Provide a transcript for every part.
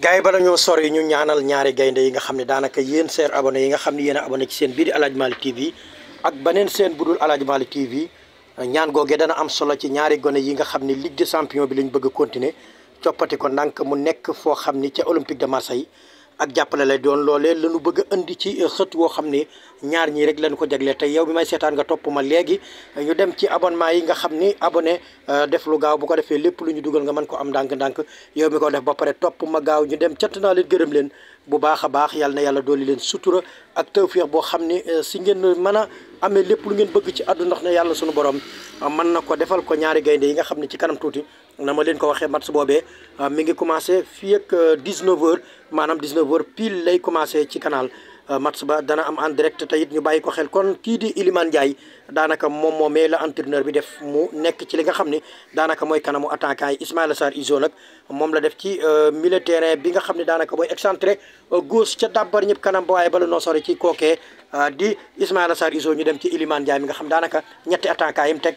gars yi bala ñoo sori ñu ñaanal ñaari gaynde yi nga xam ne daanaka yéen seen abon yi nga xam ne yéen a abonné ci seen bii di Aladji Malick TV ak beneen seen bu dul Aladji Malick TV ñaan googee dana am solo ci ñaari gone yi nga xam ne Ligue des champions bi lañ bëgg a continuer coppati ko ndànk mu nekk foo xam ni ca Olympique de Marseille ak jàppale lay doon loolee lañu bëgg indi ci xët woo xam ni ñaar ñii rek lañu ko jagleel te yow bi may seetaan nga topp ma léegi ñu dem ci abonnement yi nga xam ni abone euh, def lu gaaw bu ko defee lépp lu ñu dugal nga mën ko am ndànk-ndànk yow mi ko def ba pare topp ma gaaw ñu dem cant naa leen gërëm leen bu baax a baax yàlla na yàlla dooli leen sutura ak tawféex boo xam ne euh, si ngeen mën a amee lépp lu ngeen bëgg ci àdduna ndax ne yàlla sunu borom euh, mën na ko defal ko ñaari gaynde yi nga xam ne ci kanam tuuti na ma leen ko waxee match boobee euh, mi ngi commencé fii ak 19h maanaam 19h pile lay commencé ci canal. Euh, match ba dana am en direct te it ñu bàyyi ko xel kon kii di Iliman Ndiaye daanaka moom moomee la entraîneur bi def mu nekk ci li nga xam ni daanaka mooy kanamu attaquant yi Ismaïla Sarr Iso nag moom la def ci euh, milieu terrain bi nga xam ne daanaka mooy excentré euh, gauche ca dàbbar ñëpp kanam ba waaye noo sori ci kookee di Ismaïla Sarr Iso ñu dem ci Iliman Ndiaye nga xam daanaka ñetti attaquant yi mu teg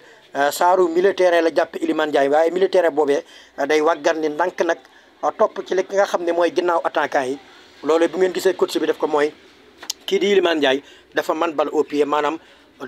saaru milieu la jàpp Iliman Ndiaye waaye boobee day wàggar ni ndànk nag topp ci li nga xam ne mooy ginnaaw attaquant yi loolu bu ngeen gisee coach bi def ko mooy kii di Iliman Ndiaye dafa man bal au pied maanaam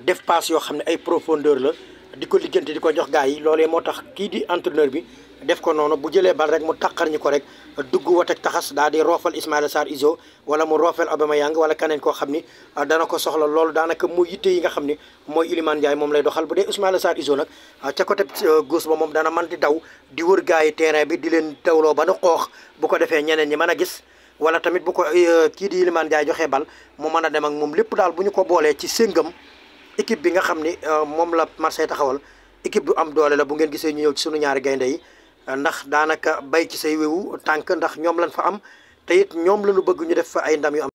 def passe yoo xam ne ay profondeur la di ko liggante di ko jox gars yi loolee moo tax kii di entraîneur bi def ko noonu bu jëlee bal rek mu taqar ñu ko rek dugg watek taxas daal di roofal Ismaïla Sarr Iso wala mu ma Aubameyang wala keneen koo xam ni dana ko soxla loolu daanaka mu yitte yi nga xam ni mooy Iliman Ndiaye moom lay doxal bu dee Ismaïla Sarr Iso nag ca côté euh, gauche ba moom dana man di daw di wër yi terrain bi di leen dawloo ba nu xoox bu ko defee ñeneen ñi mën a gis wala tamit bu ko euh, kii di Iliman Ndiaye joxee bal mu mën a dem ak moom lépp daal bu ñu ko boolee ci séngam équipe bi nga xam ni euh, moom la Marseille taxawal équipe bu am doole la bu ngeen gisee ñu yow ci sunu ñaari gaynde yi euh, ndax daanaka bay ci say wewu tànk ndax ñoom lañ fa am te it ñoom lañu bëgg ñu def fa ay ndam yu am